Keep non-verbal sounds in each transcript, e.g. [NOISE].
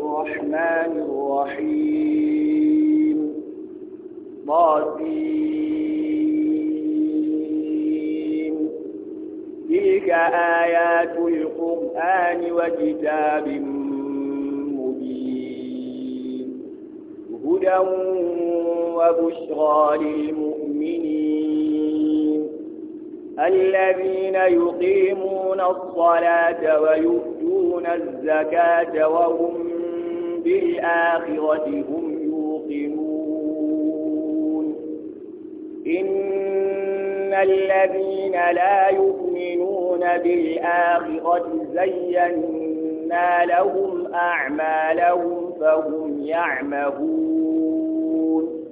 الرحمن الرحيم ضاسين تلك آيات القرآن وكتاب مبين هدى وبشرى للمؤمنين الذين يقيمون الصلاة ويؤتون الزكاة وهم بالآخرة هم يوقنون إن الذين لا يؤمنون بالآخرة زينا لهم أعمالهم فهم يعمهون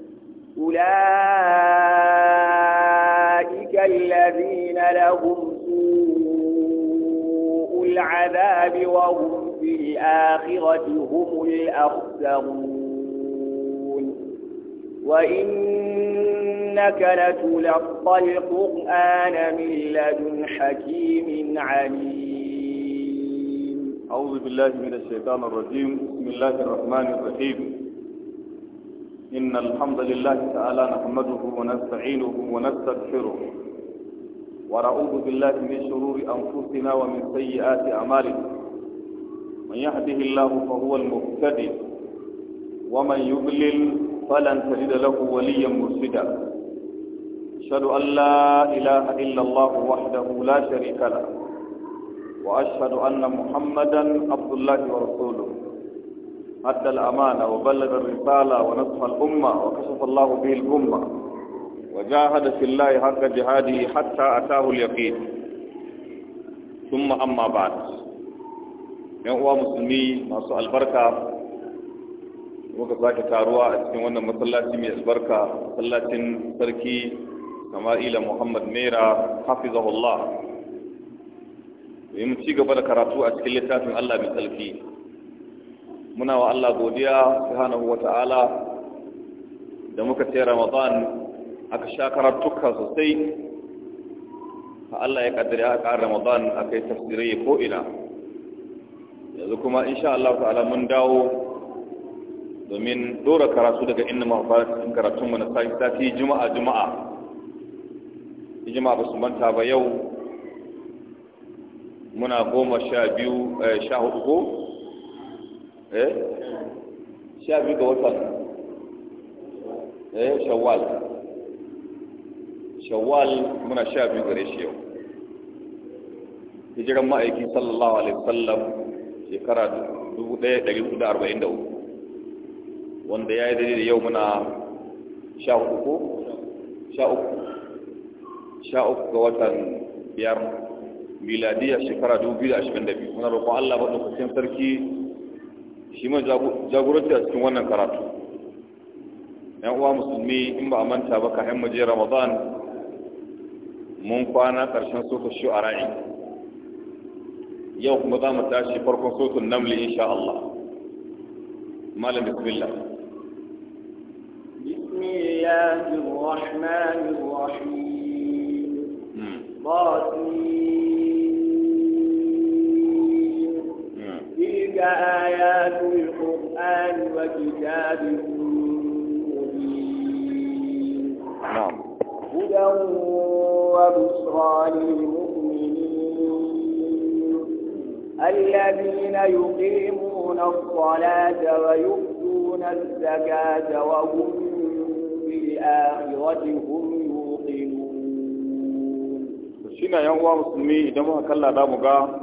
أولئك الذين لهم سوء العذاب وهم وفي الآخرة هم الأخسرون وإنك لتلقى القرآن من لدن حكيم عليم أعوذ بالله من الشيطان الرجيم بسم الله الرحمن الرحيم إن الحمد لله تعالى نحمده ونستعينه ونستغفره ونعوذ بالله من شرور أنفسنا ومن سيئات أعمالنا من يهده الله فهو المهتدي ومن يضلل فلن تجد له وليا مرشدا أشهد أن لا إله إلا الله وحده لا شريك له وأشهد أن محمدا عبد الله ورسوله أدى الأمانة وبلغ الرسالة ونصح الأمة وكشف الله به الأمة وجاهد في الله حق جهاده حتى أتاه اليقين ثم أما بعد yan uwa musulmi masu albarka muka sake taruwa a cikin wannan masallaci mai albarka masallacin sarki sama'ila muhammad naira hafizahullah yi mu ci gaba da karatu a cikin littafin allah mai tsarki muna wa allah godiya subhanahu wa ta'ala da muka ce ramadan aka sha karatuka sosai Allah ya kaddare a ƙara Ramadan a kai tafsirai ko ina yanzu kuma insha Allah ta'ala mun dawo domin dora karatu daga inna mafarin karatunmu na sati juma'a juma'a juma'a ba su manta ba yau muna goma sha biyu eh, sha hudu ko? eh? sha biyu ga watan eh shawwal shawwal muna sha biyu gare shi yau hijiran ma'aiki sallallahu alaihi wasallam shekara dubu ɗaya, da da arba'in uku, wanda ya yi daidai da yau muna sha uku ko sha uku sha uku ga watan biyar miladiya shekara biyu. muna roƙon Allah kusan sarki shi mai jagoranci a cikin wannan karatu ‘yan uwa musulmi in ba a manta ba ka yan maje ramadan mun kwana ƙarshen sofa ra'ayi yau kuma za mu tashi farkon sotun namli insha Allah malam bismillah bismillahir rahmanir rahim batin tilka ayatul qur'an wa kitabin الذين يقيمون الصلاة ويؤتون الزكاة وهم بالآخرة هم يوقنون شنا ينوى مسلمي دموها كلا دامغا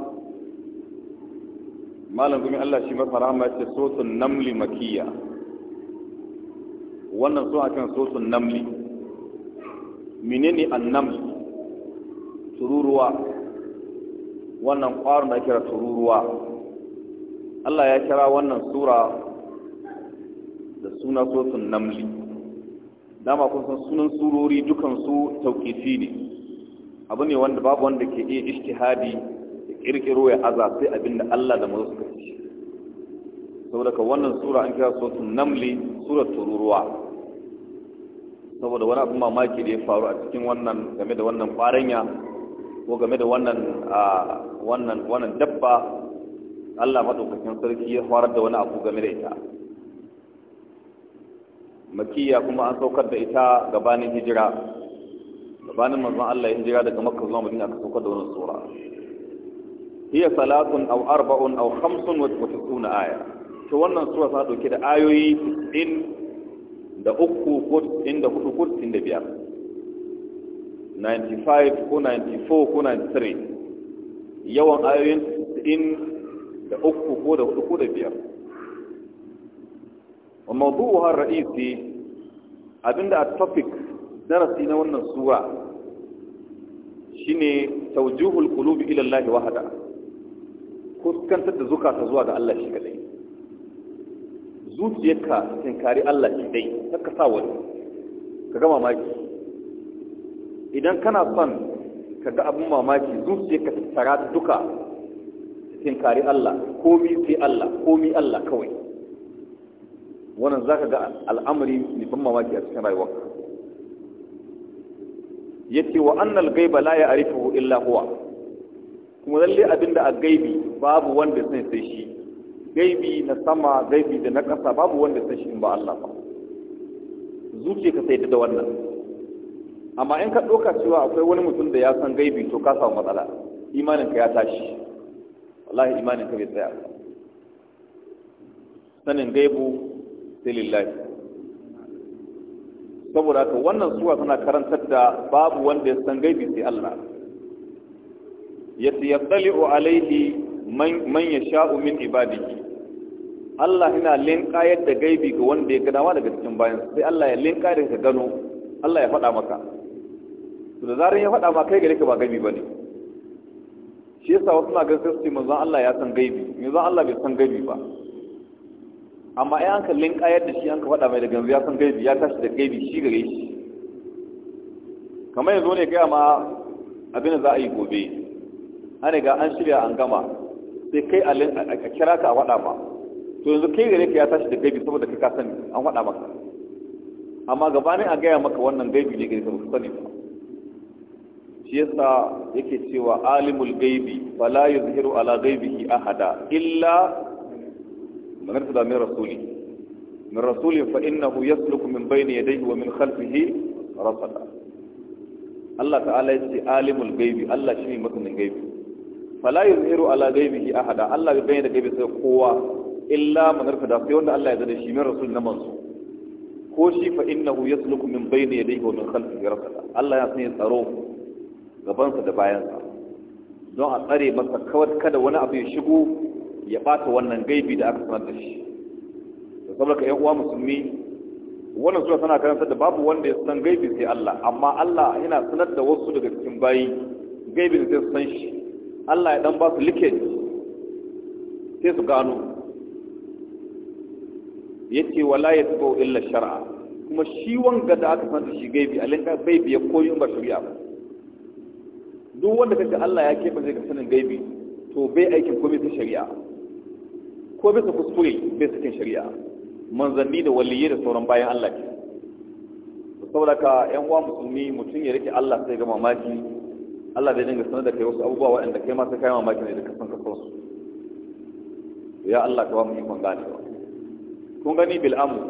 ما لنقوم Allah shi masa rahama ya النمل مكية wannan so a kan sosun namli menene annam tururuwa wannan ƙwarin da kira tururuwa Allah ya kira wannan sura da suna sosun namli dama kun san sunan surori dukansu tauƙifi ne abu ne wanda babu wanda ke iya ishtihadi da ƙirƙiro ya aza sai da Allah da mazu suka ci saboda ka wannan sura an kira sosun namli surar tururuwa saboda wani abin mamaki da ya faru a cikin wannan game da wannan ƙwaranya ko game da wannan wannan wannan dabba Allah madaukakin sarki ya farar da wani abu game da ita makiya kuma an saukar da ita gabanin hijira gabanin manzon Allah ya hijira daga makka zuwa madina aka saukar da wannan sura hiya salatun aw arba'un aw khamsun wa tisuna aya to wannan sura ta dauke da ayoyi 90 da uku ko hudu ko biyar? 95 ko 94 ko 93 yawan ayoyin in da uku ko da hudu ko da biyar wa mawdu'uha ra'isi abinda a topic darasi na wannan sura shine tawjuhul qulubi ila Allah wahda kuskantar da zukata zuwa ga Allah shi kadai zuciyarka tinkari Allah shi dai saka sa wani ka gama maki idan kana son ka ga abin mamaki zuciya ka tattara ta duka tinkari Allah komi sai Allah komi Allah kawai wannan za ka ga al'amari mai ban mamaki a cikin rayuwa. ya ce wa annal gaiba la ya arifu illa huwa kuma lalle abinda a gaibi babu wanda sai sai shi gaibi na sama gaibi da na ƙasa babu wanda sai shi in ba Allah ba zuciya ka sai da wannan amma in ka ɗauka cewa akwai wani mutum da ya san gaibi to ka samu matsala imaninka ya tashi wallahi imaninka bai tsaya sanin gaibu sai lillahi saboda haka wannan suwa tana karantar da babu wanda ya san gaibi sai Allah ya yattali'u alaihi man yasha'u min ibadihi Allah yana linka yadda gaibi ga wanda ya wa daga cikin bayan sai Allah ya yadda da gano Allah ya faɗa maka da zarar ya faɗa ma kai gare ka ba gaibi ne shi yasa wasu na ganin sai manzon Allah ya san gaibi zan Allah bai san gaibi ba amma ai an kallin linkayar da shi an ka faɗa mai da ganzu ya san gaibi ya tashi da gaibi shi gare shi kamar yanzu ne kai ma abin da za a yi gobe an riga an shirya an gama sai kai a kira ka a faɗa ma to yanzu kai gare ka ya tashi da gaibi saboda kai ka sani an faɗa maka amma gabanin a gaya maka wannan gaibi ne gare ka ba sani ba shi yasa yake cewa alimul gaibi bala fala yuzhiru ala gaibihi ahada illa man irtada min rasuli min rasuli fa innahu yasluku min bayni yadayhi wa min khalfihi rasada Allah ta'ala ya ce alimul gaibi Allah shi shine masanin gaibi fala yuzhiru ala gaibihi ahada Allah bai bayyana gaibi sai kowa illa man irtada sai wanda Allah ya zada shi min rasul na manzo ko shi fa innahu yasluku min bayni yadayhi wa min khalfihi rasada Allah ya san sani tsaro gabansa da bayansa don a tsare masa kawar kada wani abu ya shigo ya bata wannan gaibi da aka sanar da shi da saboda ka yan uwa musulmi wannan sura tana karanta da babu wanda ya san gaibi sai Allah amma Allah yana sanar da wasu daga cikin bayi gaibi sai su san shi Allah ya dan ba su leakage sai su gano yace wala yatbu illa shar'a kuma shi wanga da aka sanar da shi gaibi alinka bai biya koyon ba shari'a ba duk wanda kaga Allah ya keɓe zai ga sanin gaibi to bai aikin komai ta shari'a ko bisa kuskure bai sakin shari'a manzanni da waliyyi da sauran bayan Allah ke saboda ka yan uwa musulmi mutum ya rike Allah sai ga mamaki Allah zai dinga sanar da kai wasu abubuwa waɗanda kai ma sai kai mamaki ne da ka san ka san su ya Allah ka ba mu ikon ganewa kun gani bil amu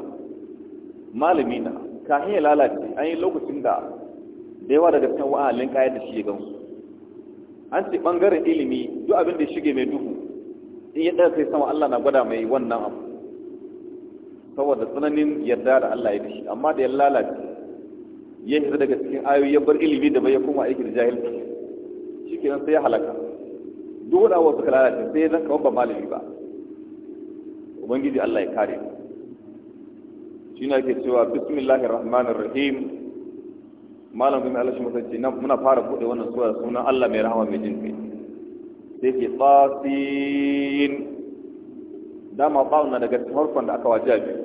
malami na kahin ya lalace an yi lokacin da da yawa daga cikin wa'alin kayan da shi ya gamsu. an ce bangaren ilimi duk abin da ya shige mai duhu in ya ɗaya sai sama Allah na gwada mai wannan abu saboda tsananin yarda da Allah ya dashi amma da ya lalace ya hita daga cikin ayoyi ya bar ilimi da bai ya koma aiki da jahilci shi nan sai ya halaka duk wani abu suka lalace sai ya zanka kamar ba malami ba ubangiji Allah ya kare shi na ke cewa bismillahir rahmanir rahim malam kuma Allah shi masarci muna fara bude wannan sura sunan Allah mai rahama mai jin sai ke tsasin dama ba'un na daga farkon da aka waje biyu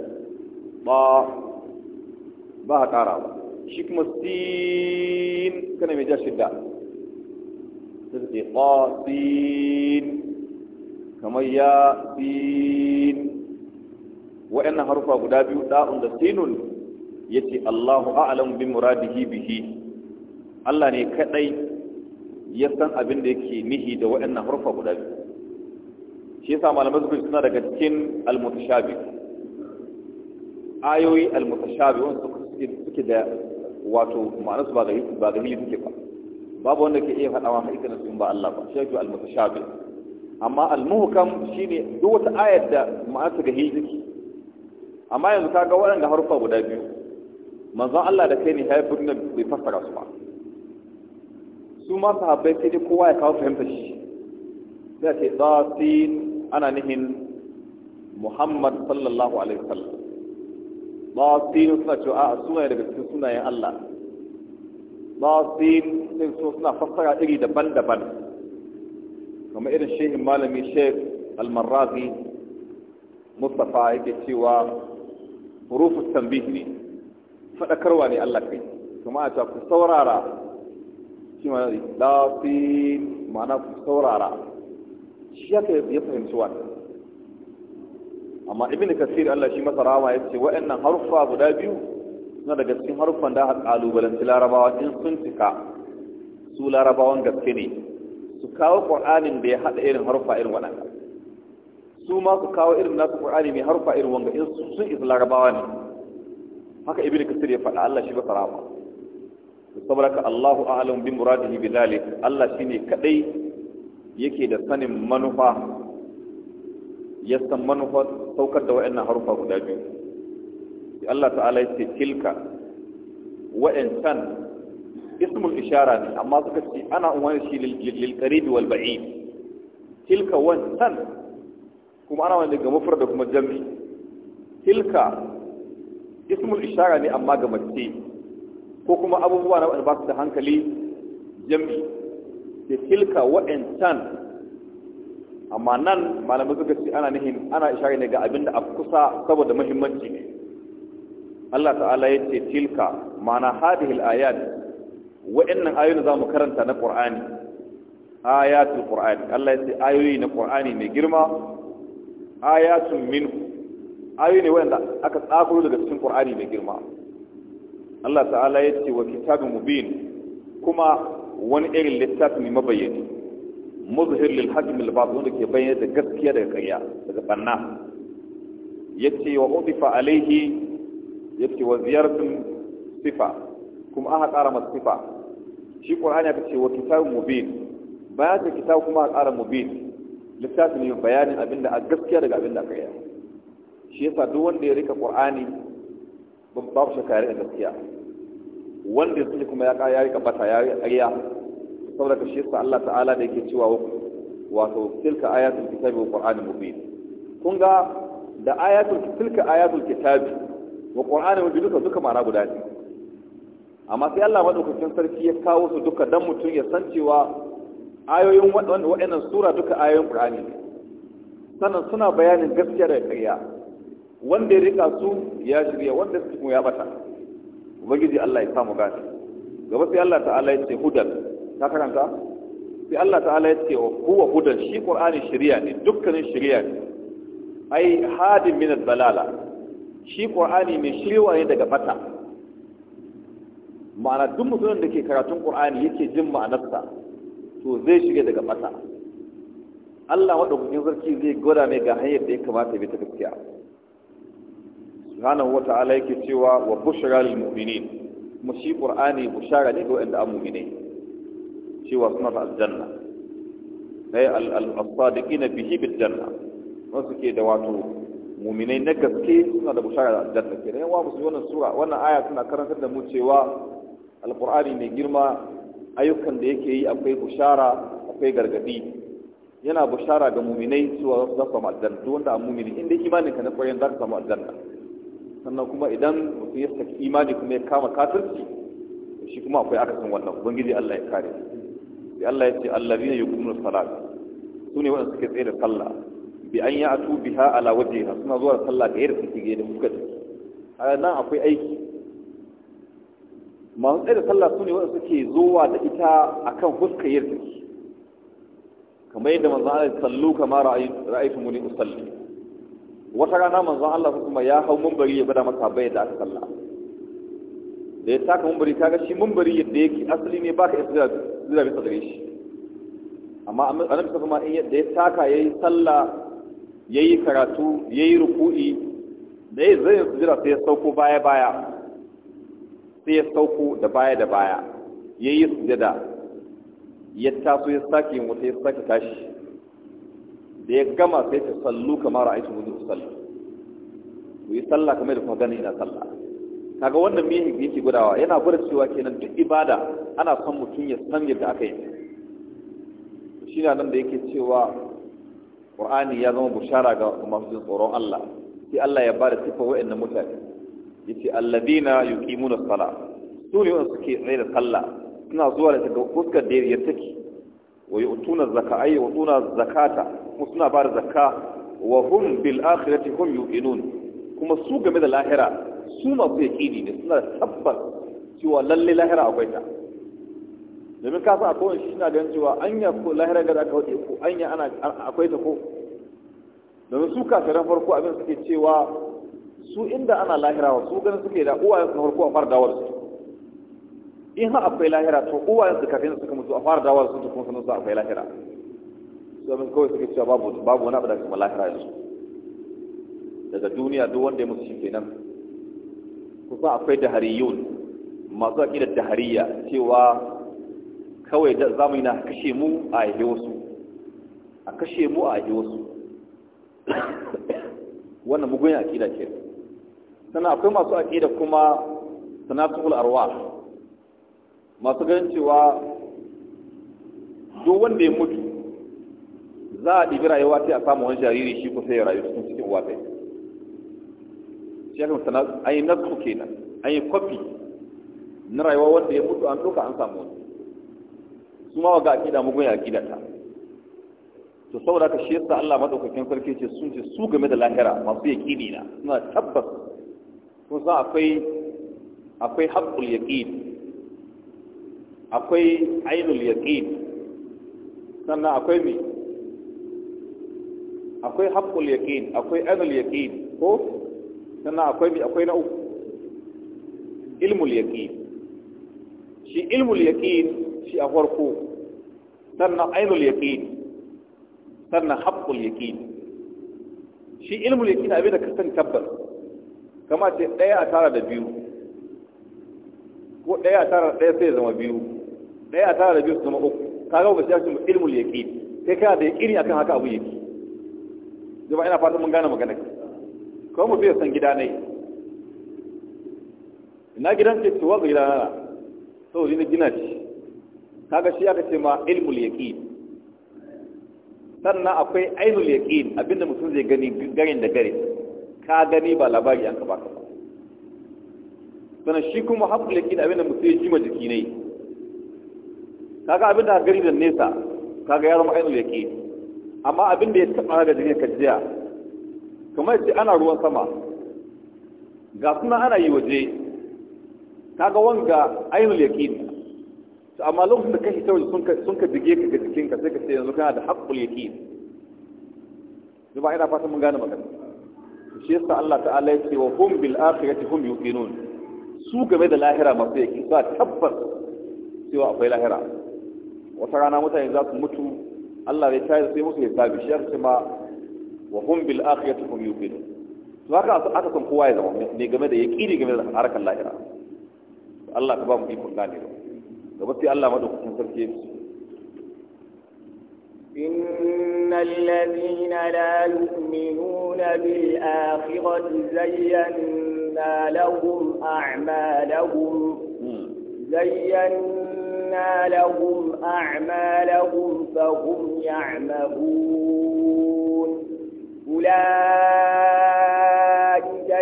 ba ba ha ƙara ba shi kuma sin kana mai ja shidda sai ke tsasin kamar ya sin wa'annan harufa guda biyu da'un da sinun yace Allahu a'lam bi muradihi bihi Allah ne kadai ya san abin da yake nihi da waɗannan harfa guda biyu shi yasa malamai suka suna daga cikin al-mutashabi ayoyi al-mutashabi wanda suke da wato ma'anar su ba ga ba ga hili suke ba babu wanda ke iya faɗawa hakikanin sun ba Allah ba shi yake al-mutashabi amma al-muhkam shine duk wata ayar da ma'anar su ga hili amma yanzu kaga waɗanda harfa guda biyu manzon Allah da kai ne ya yi nan bai fassara su ba su ma sahabbai sai dai kowa ya kawo fahimta shi sai a ce tsasin ana nihin muhammad sallallahu alaihi wasallam tsasin suna cewa a sunaye daga cikin sunayen Allah tsasin sai su suna fassara iri daban-daban kama irin shehin malami shek almarrazi mustapha yake cewa hurufus tambihi ne faɗakarwa ne Allah kai kuma a ta ku saurara shi ma lafi ma'ana ku saurara shi ya ya fahimci wa amma ibn kasir Allah shi masa rama ya ce wa'annan harfa guda biyu suna daga cikin harfan da aka kalubalanci larabawa in sun cika su larabawan gaske ne su kawo ƙur'anin da ya haɗa irin harfa irin waɗanda su ma su kawo irin nasu ƙur'ani mai harfa irin wanga in sun isa larabawa ne haka ibnu kasir ya faɗa Allah shi ba farama saboda ka Allahu a'lam bi muradihi bi zalik Allah shine kadai yake da sanin manufa ya san manufa saukar da wayannan harufa guda biyu Allah ta'ala ya ce tilka wa'ansan ismul ishara ne amma suka ce ana umarni shi lil qarib wal ba'id tilka wansan kuma ana wani ga mufrad da kuma jam'i tilka ismul ishara ne amma ga mace ko kuma abubuwa na wadda ba su da hankali jam'i da tilka wa'ancan amma nan malamai suka ce ana nihin ana ishara ne ga abin da a kusa saboda mahimmanci. ne Allah ta'ala ya ce tilka mana hadihil ayat wa'annan ayoyin da za mu karanta na Qur'ani ayatul Qur'ani Allah ya ce ayoyi na Qur'ani mai girma ayatun minhu ayoyi ne wanda aka tsakuro daga cikin qur'ani mai girma Allah ta'ala ya ce wa kitabin mubin kuma wani irin littafi mai mabayyani muzhir lil hakim al batil wanda ke bayyana da gaskiya daga ƙarya daga banna yace wa udifa alaihi yace wa ziyaratun sifa kuma aka ƙara masa sifa shi qur'ani ya ce wa kitabun mubin bayan da kitabu kuma aka ƙara mubin littafi ne bayanin abinda a gaskiya daga abinda aka yi shi yasa duk wanda ya rika qur'ani babu shi kare da gaskiya wanda yake kuma ya ya rika bata ya rika saboda ka shi yasa Allah ta'ala da yake cewa wato tilka ayatul kitabi wa qur'anul mubin kun ga da ayatul tilka ayatul kitabi wa qur'anul mubin duka duka mara guda ne amma sai Allah madaukakin sarki ya kawo su duka dan mutum ya san cewa ayoyin waɗannan sura duka ayoyin qur'ani ne sannan suna bayanin gaskiya da ƙarya wanda ya rika su ya shirya wanda su kuma ya bata ubangiji Allah ya samu gashi gaba sai Allah ta'ala ya ce hudan ta karanta sai Allah ta'ala ya ce huwa hudan shi qur'ani shirya ne dukkanin shirya ne ai hadin min ad-dalala shi qur'ani mai shirya ne daga bata ma'ana duk mutumin da ke karatun qur'ani yake jin ma'anarsa to zai shige daga bata Allah wadda kuke zarki zai gwada mai ga hanyar da ya kamata bi ta gaskiya subhanahu wata'ala yake cewa wa bushra lil mu'minin kuma shi qur'ani bushara ne ga wanda an mu'mine cewa suna da aljanna ay al-sadiqina bihi bil janna wasu ke da wato mu'minai na gaske suna da bushara da aljanna ke ne wa musu wannan sura wannan aya suna karantar da mu cewa alqur'ani mai girma ayyukan da yake yi akwai bushara akwai gargadi yana bushara ga mu'minai cewa za su samu aljanna duk wanda an mu'mini inda imanin ka na kwarin za ka samu aljanna sannan kuma idan mutum ya saki imani kuma ya kama kafirci shi kuma akwai akasin wannan ubangiji Allah ya kare sai Allah ya ce allazina yuqimuna salat sune wanda suke tsaye da sallah bi an ya'tu biha ala wajhiha suna zuwa sallah ga yadda suke ga da suka a nan akwai aiki masu tsaye da sallah sune wanda suke zuwa da ita akan fuskar yadda kamar yadda manzo Allah sallu kama ra'aytu muni usalli wata rana manzon Allah kuma ya hau mumbari ya bada masa bayyana da aka salla, da ya taka mumbari kaga shi mumbari yadda yake asali ne baka isra zira bisa gare shi amma annabi kuma da ya taka yayi sallah yayi karatu yayi ruku'i da ya zai jira sai ya sauko baya baya sai ya sauko da baya da baya yayi sujada ya taso ya sake mutai wata ya sake tashi da ya gama sai ta sallu kamar a aikin wuzu sallu ku yi sallah kamar da kuma gani ina sallah kaga wannan me yake gudawa yana gwada cewa kenan duk ibada ana son mutum ya san yadda aka yi shi na nan da yake cewa qur'ani ya zama bushara ga masu jin tsoron Allah sai Allah ya bada sifa wa'annan mutane yace alladina yuqimuna kimuna sala su ne wanda suke tsaye da sallah suna zuwa da fuskar da ya take wa utuna zakata ay yu'tuna zakata kuma suna ba da zakka wa hum bil akhirati hum yuqinun kuma su game da lahira su masu yaqini ne suna tabbas cewa lalle lahira akwai ta domin ka san akwai wani shi suna ganin cewa anya ko lahira ga aka wuce ko anya ana akwai ta ko domin su kafiran farko abin suke cewa su inda ana lahira su ganin suke da su farko a fara dawar su in ha akwai lahira to uwa yanzu kafin suka mutu a fara dawa sun tukun sanar su akwai lahira domin kawai suke cewa babu babu wani abu da kuma lahira yanzu daga duniya duk wanda ya mutu shi kenan kusa akwai dahariyun masu aƙidar dahariya cewa kawai da yi na kashe mu a yi wasu a kashe mu a yi wasu wannan mugun aƙida ke sannan akwai masu aƙida kuma sanatul arwah masu ganin cewa duk wanda ya mutu za a ɗibi rayuwa sai a samu wani jariri shi kusa ya rayu cikin cikin wasai shi aka sana an yi nasu kenan an yi kwafi na rayuwa wanda ya mutu an ɗauka an samu wani su ma waga aƙida mugun ya aƙida ta to saboda ka shi yasa Allah maɗaukakin sarki ce sun ce su game da lahira masu yaƙini na suna tabbas kun san akwai akwai haqqul yaqin akwai ainul yaqin sannan akwai mi akwai haqqul yaqin akwai ainul yaqin ko sannan akwai mi akwai na uku ilmul yaqin shi ilmul yaqin shi a farko sannan ainul yaqin sannan haqqul yaqin shi ilmul yaqin abin da ka san tabbas kama ce daya a tara da biyu ko daya a tara daya sai ya zama biyu ɗaya ya tara da biyu su zama uku ka ga ba sai mu ilmul yaqin sai ka da yaqini akan haka abu yake jama'a ina fatan mun gane magana ko mu biya san gida ne ina gidan ce tuwa ga gida na to ni gina shi kaga shi aka ce ma ilmul yaqin sannan akwai ainul yaqin abinda mutum zai gani garin da gare ka gani ba labari an ka baka ba sannan shi kuma haqqul yaqin abinda mutum ya ma jiki ne kaga abin da gari da nesa kaga yaro zama ainihin yake amma abin da ya taɓa da jini ka jiya kamar ce ana ruwan sama ga kuma ana yi waje kaga wanga ainihin yake to amma lokacin da ka hita waje sun ka jige ka ga ka, sai ka ce yanzu kana da haƙƙul yake ne ba ina fatan mun gane magana shi yasa Allah ta'ala ya ce wa hum bil akhirati hum yuqinun su game da lahira masu yake su tabbas cewa akwai lahira wata rana mutane za su mutu Allah zai tayar sai musu hisabi shi yasa ma wa hum bil akhirati hum yuqinu to haka aka san kowa ya zama ne game da yaqini game da harkar lahira Allah ka ba mu ikon gane ba gaba sai Allah madaukakin sarki إن الذين لا يؤمنون بالآخرة زينا لهم أعمالهم زينا لهم أعمالهم فهم يعمهون أولئك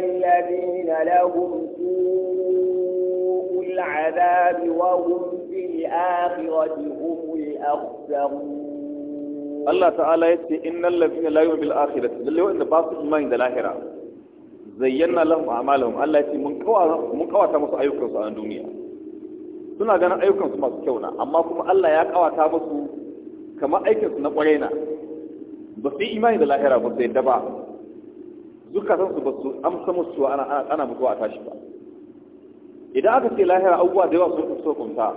الذين لهم سوء العذاب وهم في الآخرة هم الأخسرون الله تعالى يتي إن الذين لا يؤمنون بالآخرة للي هو إن باطل ما عند الآخرة زينا لهم أعمالهم الله يتي من قوة من قوة مصر أيوكرس عن دنيا suna ganin ayyukansu masu kyau na amma kuma Allah ya kawata musu kamar aikinsu na kwarai na ba su yi imani da lahira ba su yadda ba zukatansu ba su amsa musu ana ana musu a tashi ba idan aka ce lahira abubuwa da yawa sun so kunta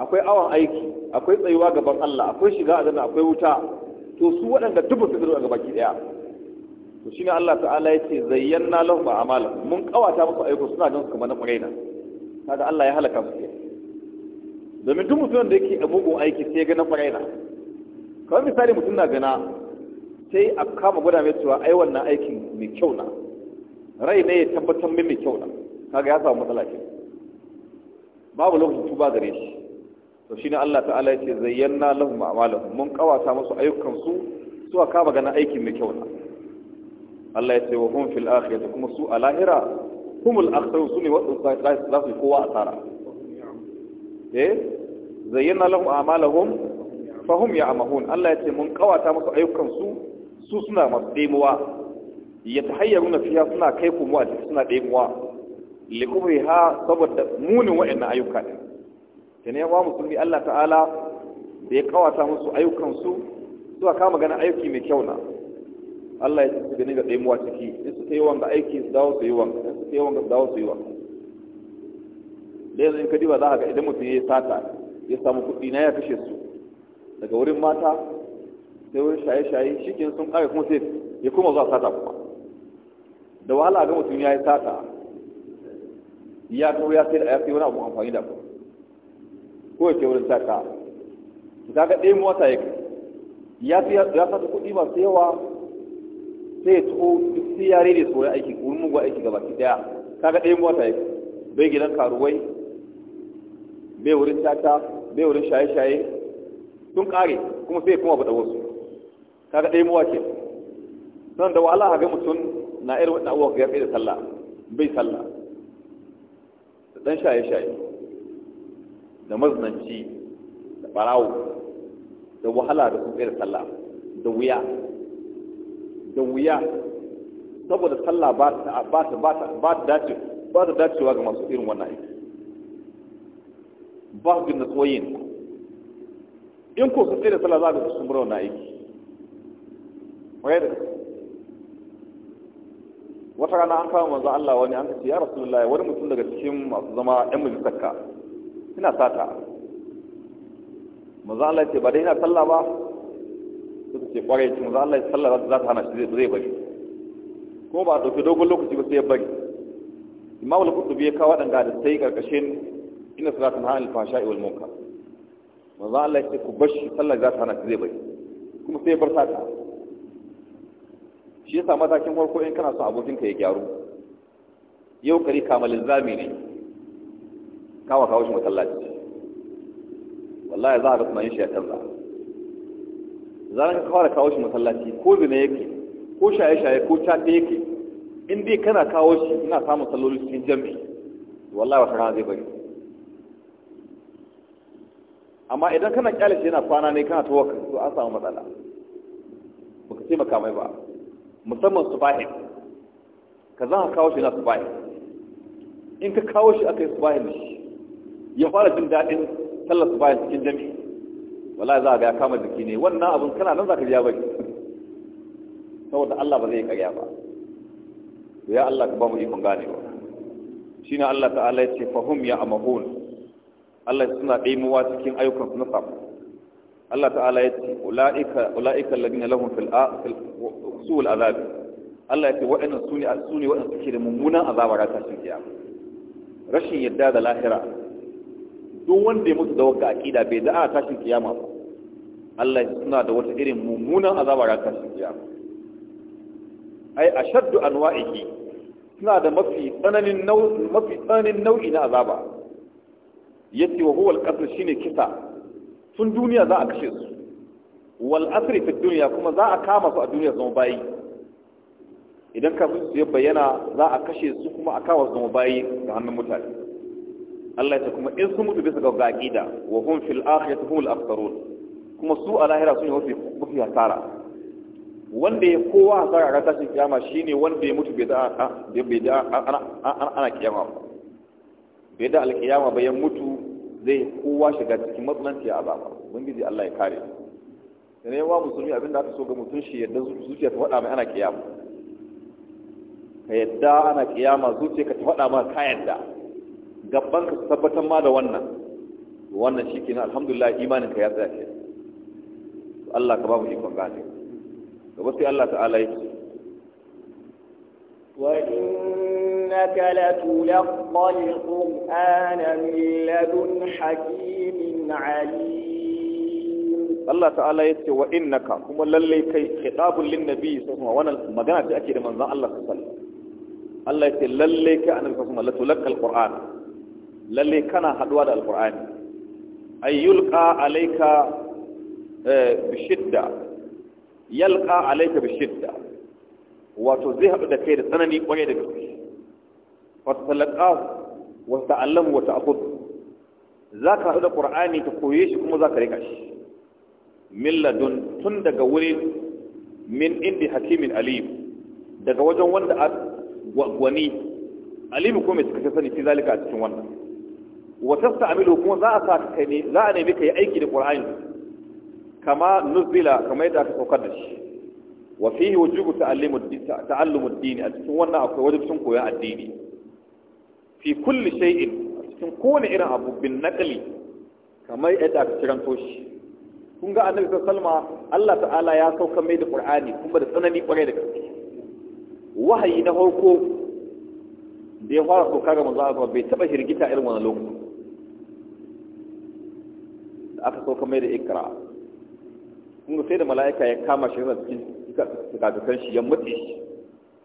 akwai awon aiki akwai tsayuwa gaban Allah akwai shiga a aljanna akwai wuta to su waɗanda duk su zuwa gaba ki daya to shine Allah ta'ala yace zayyana lahum a'malahum mun kawata musu ayyukansu suna ganin su kamar na kwarai na kaga Allah ya halaka su domin duk mutumin da yake abubuwan aiki sai ga na kwarai na kawai misali mutum na gana sai a kama gwada mai cewa ai wannan aikin mai kyau na rai ne ya tabbatar min mai kyau na kaga ya samu matsala ce babu lokacin tuba gare shi to shine Allah ta'ala ya ce zayyana lahum a'malahum mun kawata musu ayyukan su su aka ba ganin aikin mai kyau na Allah ya ce wa hum fil akhirati kuma su a lahira humul akhsaru wa wadda za su kowa asara eh zayyana lahum a'malahum fahum ya'mahun Allah ya ce mun kawata musu ayyukan su su suna masu demuwa yatahayyaruna fiya suna kai kuma suna daimuwa likubriha saboda munin wa'annan ayyuka din kene yawa musulmi Allah ta'ala da ya kawata musu ayyukan su zuwa magana ganin aiki mai kyau na Allah ya ce su gani ga daimuwa ciki in su ta yi wanga aiki su dawo su yi wanga in su ta yi wanga su dawo su yi wanga dai yanzu in ba za a ga idan mutum ya yi sata ya samu kuɗi na ya kashe su daga wurin mata sai wurin shaye-shaye shikin sun ƙare kuma sai ya kuma zuwa sata kuma da wahala ga mutum ya yi sata ya kuma ya sai da ya sai wani abu amfani da ku ko ya ce wurin sata su kaga ɗaya mota ya kai ya fi ya sata kuɗi masu yawa sai ya tuho duk sai ya rere su wurin aiki wurin mugu aiki gaba ki ɗaya kaga ɗaya mota ya kai bai gidan karuwai bai wurin sata bai wurin shaye-shaye sun kare kuma sai kuma ba wasu kaga ɗaya muwa ke sannan da wahala haga mutum na irin wadda abuwa ya da sallah bai sallah da ɗan shaye-shaye da mazinanci da ɓarawo da wahala da sun da sallah da wuya da wuya saboda sallah ba ta dacewa ga masu irin wannan aiki ba su na tsoyin in ko su sai da sallah za ka sun mura wani aiki wayar wata rana an kama manzo Allah wani an ce ya rasulullahi wani mutum daga cikin masu zama ɗan majalisarka ina sata manzo Allah ce ba dai ina sallah ba suka ce kwarai ce manzo Allah ya sallah za ta hana shi zai bari kuma ba a ɗauki dogon lokaci ba sai ya bari imamul kutubi ya kawo waɗanda da sai ƙarƙashin ina salatu na hannun fasha iwal munka manzo Allah ya ce ku bashi sallar za ta hana zai bai kuma sai bar sata shi yasa matakin farko in kana son ka ya gyaru yau kari kamalin zami ne kawo kawo shi masallaci wallahi za a ga tunanin shi ya canza zaran ka fara kawo shi masallaci ko zina yake ko shaye-shaye ko caɗe yake in dai kana kawo shi ina samun salloli cikin jami'i wallahi wata rana zai bari amma idan kana kyale shi yana kwana ne kana waka to an samu matsala baka ce maka mai ba musamman subahin ka za ka kawo shi na subahin in ka kawo shi aka yi subahin shi ya fara jin daɗin sallar subahin cikin jami'i wala za ga ya kama jiki ne wannan abin kana nan za ka biya bai saboda Allah ba zai karya ba ya Allah ka ba mu ikon ganewa shine Allah ta'ala ya ce fahum ya amahun Allah ya suna ɗaimuwa cikin ayyukan na samu Allah ta'ala ya ce ula'ika ula'ika alladhina lahum fil su'ul azab Allah ya ce waɗannan su ne su waɗanda suke da mummunan azaba ra tashin kiyama rashin yadda da lahira duk wanda ya mutu da wata aqida bai da'a tashin kiyama ba Allah ya suna da wata irin mummunan azaba ra tashin kiyama ai ashaddu anwa'ihi suna da mafi tsananin nau'i mafi tsananin nau'i na azaba yace wa huwa al shi ne kisa tun duniya za a kashe su wal asri fi dunya kuma za a kama su a duniya zama bayi idan kafin su ya bayyana za a kashe su kuma a kawo zama bayi ga hannun mutane Allah ya ce kuma in sun mutu bisa ga aqida wa hum fil akhirati humul aktharun kuma su a lahira sun yi wasu mafi hasara wanda ya kowa hasara a tashin kiyama shine wanda ya mutu bai da ana kiyama ba bai da alkiyama ba ya mutu zai kowa shiga cikin matsananciya mun ubangiji Allah ya kare da ne wa musulmi abinda aka so ga mutum shi yadda zuciya ta faɗa mai ana kiyama ka yadda ana kiyama zuciya ka ta faɗa ma ka yadda gaban ka tabbatar ma da wannan wannan shi kenan alhamdulillah imanin ka ya tsaya ke Allah ka ba mu ikon gane gaba sai Allah ta'ala yake wa in إنك لتلقى القرآن من لدن حكيم عليم الله تعالى يتي وإنك كما للي كي خطاب للنبي صلى الله عليه وسلم وانا مجانا تأكيد من ذا الله صلى الله عليه وسلم الله يتي للي كأنك صلى الله عليه وسلم لتلقى القرآن للي كان هدواد القرآن أي يلقى عليك بشدة يلقى عليك بشدة wato zai haɗu da kai da tsanani ƙwarai da gaske fatalaqahu wa ta'allamu wa ta'khudhu zaka hadu da qur'ani ta koye shi kuma zaka rika shi min ladun tun daga wurin min indi hakimin alim daga wajen wanda gwani alimi ko mai suka sani fi zalika a cikin wannan wa tasta'milu kuma za a sa ka ne za a nemi ka yi aiki da qur'ani kama nuzila kama yadda aka saukar da shi wa fihi wujubu ta'allumu ad-din a cikin wannan akwai wajibcin koyon addini fi kulli shay'in cikin kowane irin abu bin naqli kamar yadda aka kiran shi kun ga annabi salma Allah ta'ala ya sauka mai da qur'ani kuma da tsanani kwarai da gaske wahayi na farko da ya fara sauka ga manzo Allah bai taba hirgita irin wannan lokaci aka sauka mai da ikra kun ga sai da mala'ika ya kama shi da cikin cikin shi ya mutse shi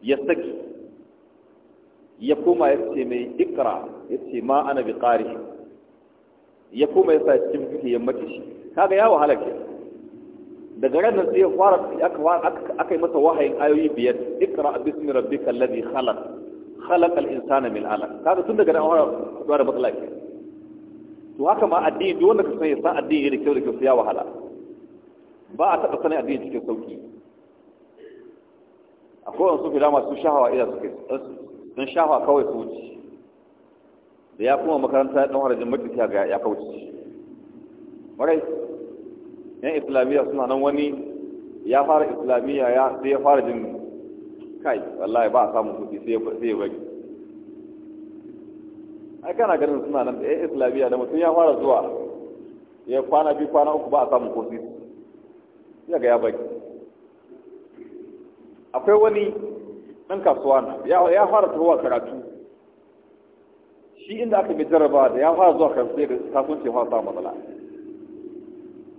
ya saki ya koma ya ce mai ikra ya ce ma ana bi ƙari ya koma ya sa cikin fiye ya mace shi kaga ya wahala ke daga ran nan sai ya fara aka fara aka yi masa wahayin ayoyi biyar ikra bismi rabbi alladhi khalaq khalaq al-insana min alaq kaga tun daga nan fara fara matsala ke to haka ma addini duk wanda ka san ya san addini da kyau da kyau ya wahala ba a taɓa sanin addini cikin sauki akwai wasu fila masu shahawa idan suke sun shafa kawai su wuce da ya kuma makaranta ya ɗanwar jin majalisa ga ya kauce marai yan islamiyya suna nan wani ya fara islamiyya ya sai ya fara jin kai wallahi ba a samun kuɗi sai ya bari ai kana ganin suna nan da yan islamiyya da mutum ya fara zuwa ya kwana biyu kwana uku ba a samun kuɗi ya ga ya bari akwai wani ɗan kasuwa na ya fara tahowa karatu shi inda aka mai jaraba da ya fara zuwa karatu da kasuwanci ya fara matsala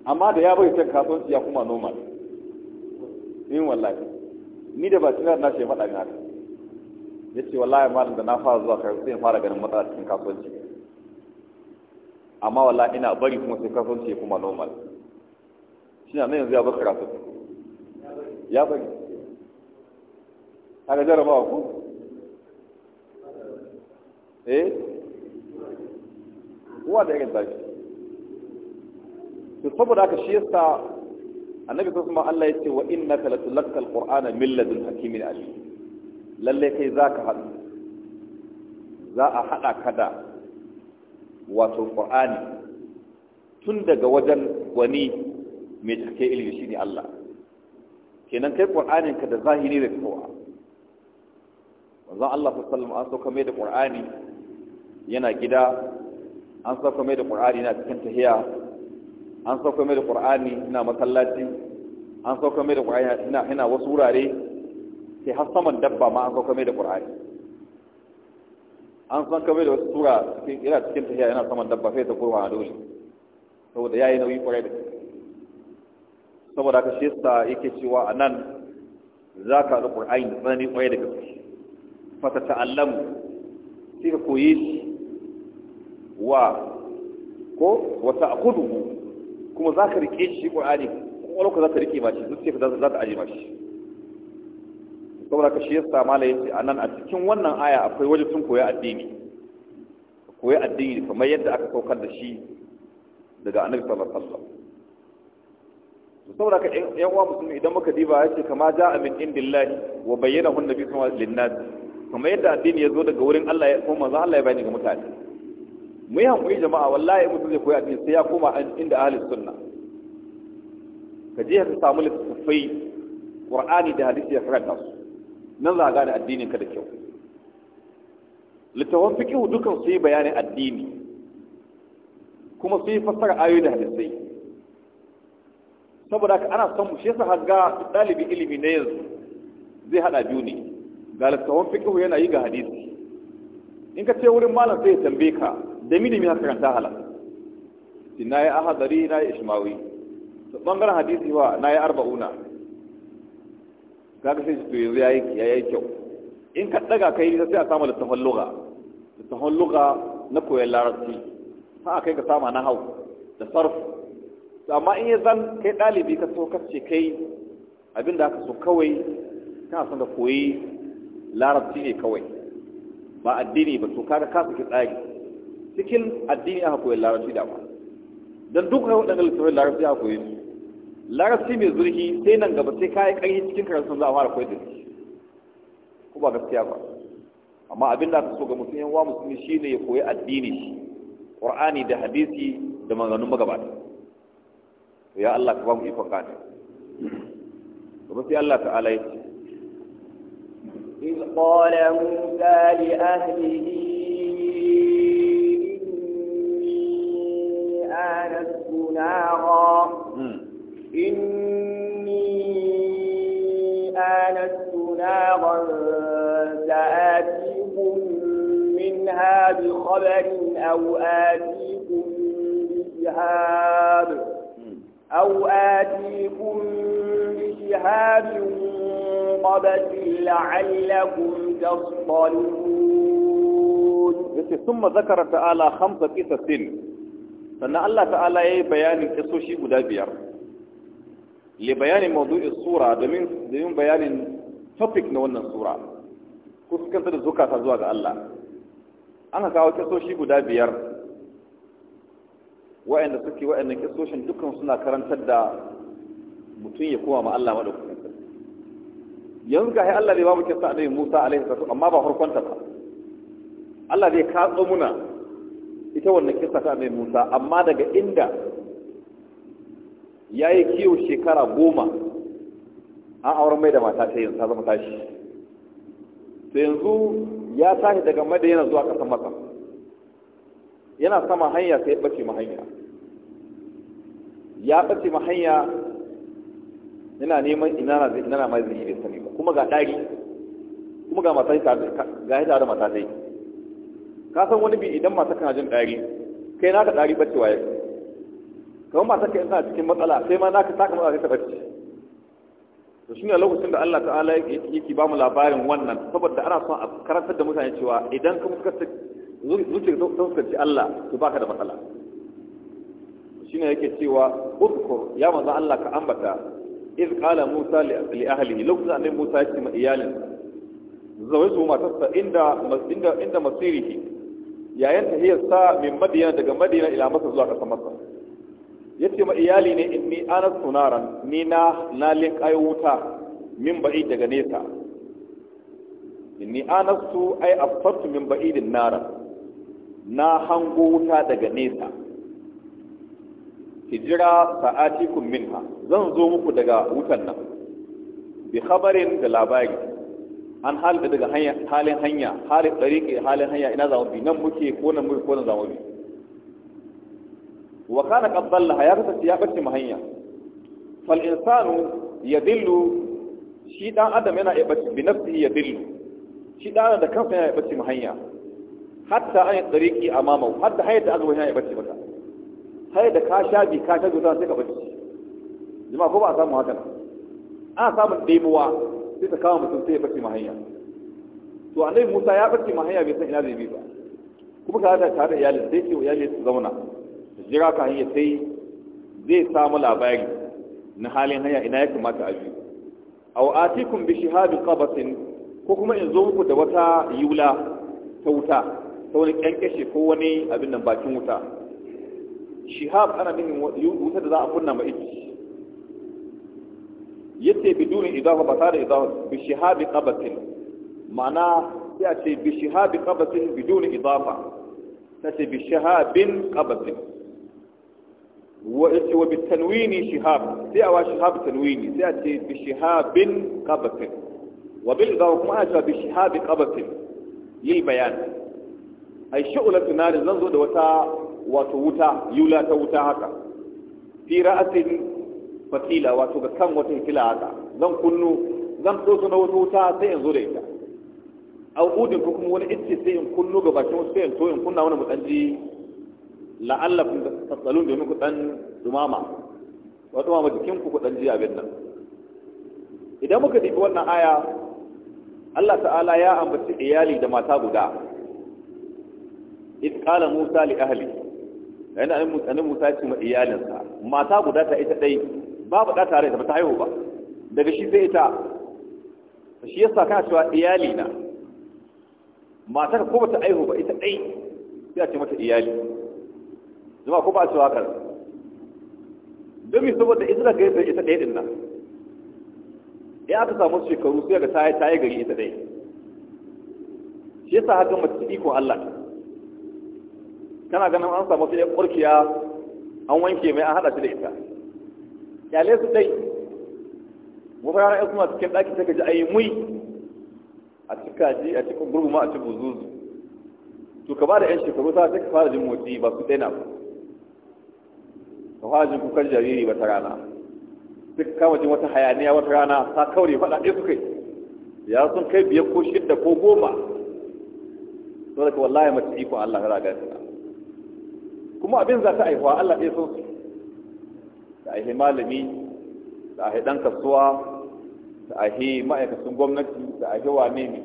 amma da ya bai can kasuwanci ya kuma noma yin wallahi ni da ba cinar na shi faɗa ni haka ya ce wallahi malam da na fara zuwa karatu ya fara ganin matsala cikin kasuwanci amma wallahi ina bari kuma sai kasuwanci ya kuma noma shi na yanzu ya bar karatu ya bari ana jarabawa ba? eh kowa da irin zaki to saboda haka shi sa, annabi sallallahu alaihi wasallam Allah yace wa innaka latulqa alqur'ana min ladun hakimin alim lalle kai za ka haɗu. za a hada kada wato qur'ani tun daga wajen gwani mai take ilimi shi ne Allah kenan kai qur'anin ka da zahiri da kowa manzon Allah sallallahu alaihi an sauka mai da Qur'ani yana gida an sauka mai da Qur'ani yana cikin tahiya an sauka mai da Qur'ani yana masallaci an sauka mai da Qur'ani yana yana wasu wurare sai har saman dabba ma an sauka mai da Qur'ani an sauka mai da wasu sura cikin yana cikin tahiya yana saman dabba sai ta kurwa a dole saboda yayi nauyi kwarai da saboda haka shi yasa yake cewa anan zaka da Qur'ani tsani kwarai da gaske fata sai ka koye shi wa ko wata akudu kuma za ka rike shi ƙwa'ani ƙwaƙwalwa za ka rike ma shi zuciya za ka ajiye mashi. shi saboda ka shi ya sa mala yace a nan a cikin wannan aya akwai wajen tun koya addini koya addini kamar yadda aka saukar da shi daga annabi sallallahu alaihi wasallam saboda ka yan uwa musulmi idan muka diba yace kama ja'a min indillahi wa bayyana hun nabi sallallahu alaihi wasallam kamar yadda addini ya zo daga wurin Allah ya kuma manzo Allah ya bayani ga mutane mu yi hankuri jama'a wallahi mutum zai koyi addini sai ya koma inda ahli sunna ka je ka samu littattafai qur'ani da hadisi ya karanta su nan za ka gane addinin ka da kyau littafan fiqh dukan su yi bayanin addini kuma su yi fassara ayoyi da hadisai saboda haka ana son mu shi yasa ga dalibi ilimi na yanzu zai hada biyu ne ga littafin fiqh yana yi ga hadisi in ka ce wurin malam sai ya tambe ka da mi da mi ta halar halal na yi ahadari na yi ishmawi su ɓangaren hadisi wa na yi arba'una ga sai to yanzu ya yi kyau in ka ɗaga kai sai a samu littafin lugha littafin lugha na koyon larabci a kai ka sama na hau da sarf amma in ya zan kai ɗalibi ka so kace kai abinda aka so kawai kana son ka koyi larabci ne kawai ba addini ba to kaga ka saki tsari cikin addini aka koyi larabci da ba don kai waɗanda littafin larabci aka koyi larabci mai zurfi sai nan gaba sai kai kai cikin karatu za a fara koyi da shi ko ba gaskiya ba amma abin da aka so ga mutum yan uwa musulmi shine ya koyi addini shi qur'ani da hadisi da maganganun magabata to ya Allah ka ba mu ikon gane gaba sai Allah ta'ala ya ce إذ قال موسى لأهله إني آنست نارا إني آنست نارا سآتيكم منها بخبر أو آتيكم بشهاب أو آتيكم بشهاب قبل لعلكم تصطلون yace summa zakara ta'ala khamsa sannan Allah ta'ala yayi bayanin kisoshi guda biyar li bayanin mawdu'i sura domin bayanin topic na wannan sura kuskanta da zukata zuwa ga Allah an kawo kisoshi guda biyar wa'anda suke wa'annan kisoshin dukkan suna karantar da mutum ya koma ma Allah yanzu ga Allah ne babu kisa annabi Musa alaihi salatu amma ba farkon ta ba Allah zai katso muna ita wannan kisa ta annabi Musa amma daga inda yayi kiyo shekara goma an auren mai da mata ta yanzu ta zama tashi to yanzu ya tashi daga madina zuwa ƙasar yana sama hanya sai ya ɓace ma hanya ya ɓace ma yana neman ina na ina mai zai bai sani ba kuma ga dari kuma ga matai ta ga ita da matai ka san wani bi idan mata kana jin dari kai naka dari bacci waye kamar mata kai ina cikin matsala sai ma naka saka matsala sai ta bace to shine lokacin da Allah ta'ala yake ba mu labarin wannan saboda ana son a karantar da mutane cewa idan ka fuskanta zuciya ta fuskanci Allah to baka da matsala shine yake cewa ukur ya manzo Allah ka ambata iz qala musa li ahlihi lokacin annabi musa ya ce ma iyalin zawai su matarsa inda inda inda masirihi yayin tahiyarsa min madina daga madina ila masa zuwa kasar masa yace ma iyali ne inni anas sunaran ni na na linkayo wuta min ba'i daga nesa inni anastu ai afattu min ba'idin nara na hango wuta daga nesa hijira sa'atikum minha zan zo muku daga wutan nan bi khabarin da labari an halin daga hanya halin hanya halin dariki halin hanya ina zamu bi nan muke ko nan muke ko nan zamu bi wa kana qad dalla ya kasance ya bace mu hanya fal insanu yadillu shi dan adam yana ya bace bi nafsihi yadillu shi dan da kansa yana ya bace mu hanya hatta an dariki amamu hatta hayata azwa yana ya bace mata sai da ka sha bi ka sha zuta sai ka bace jama'a ko ba a samu haka ana samun daimuwa sai ta kama mutum sai ya bace hanya. to annabi Musa ya bace hanya bai san ina zai bi ba kuma ka da tare iyalin sai ce iyali su zauna jira ka hanya sai zai samu labari na halin hanya ina ya kamata a bi aw atikum bi shihabi qabatin ko kuma in zo muku da wata yula ta wuta ta wani kyankashe ko wani abin nan bakin wuta شهاب أنا من يوسف ذا أقولنا نعم ما إيش يتي بدون إضافة بطارة إضافة بشهاب قبط معنى يأتي بشهاب قبط بدون إضافة تأتي بشهاب قبط وبالتنوين شهاب سيأوى شهاب تنويني سيأتي بشهاب قبط وبالإضافة ما أجرى بشهاب قبط يبيان بيان أي شؤلة نار الزنزو دوتا wato wuta yula ta wuta haka fi ra'asin fatila wato ga kan wata fitila haka zan kunnu zan doso na wata wuta sai in zo da ita au udin ko kuma wani icce sai in kunnu ga bakin wasu sai in in kunna wani mutanji la'alla kun tasalun domin ku dan dumama wato ma jikin ku ku dan ji abin nan idan muka dubi wannan aya Allah ta'ala ya ambaci iyali da mata guda إذ قال موسى لأهله yana annabi Musa ce ma iyalinsa mata guda ta ita dai babu da tare da ta haihu ba daga shi sai ita shi yasa kana cewa iyali na matar ko bata haihu ba ita dai sai a ce mata iyali zama ko ba cewa haka domin saboda ita ga ita dai din nan ya aka samu shekaru sai ga ta yi gari ita dai shi yasa haka mace iko Allah kana ganin an samu sai kurkiya an wanke mai an hada shi da ita kyale su dai wata yana yan kuma cikin daki take ji ayi mui a cika ji a cikin gurguma a cikin zuzu to ka ba da yan shekaru ta sai ka fara jin motsi ba su daina ba ka fara jin kukan jariri wata rana sai ka kama jin wata hayaniya wata rana ta kaure faɗa ɗaya su kai ya sun kai biyar ko shidda ko goma saboda wallahi mace iko Allah ya raga ta kuma abin za ta aihuwa Allah ɗaya so da aihe malami da aihe ɗan kasuwa da aihe ma'aikacin gwamnati da aihe wane ne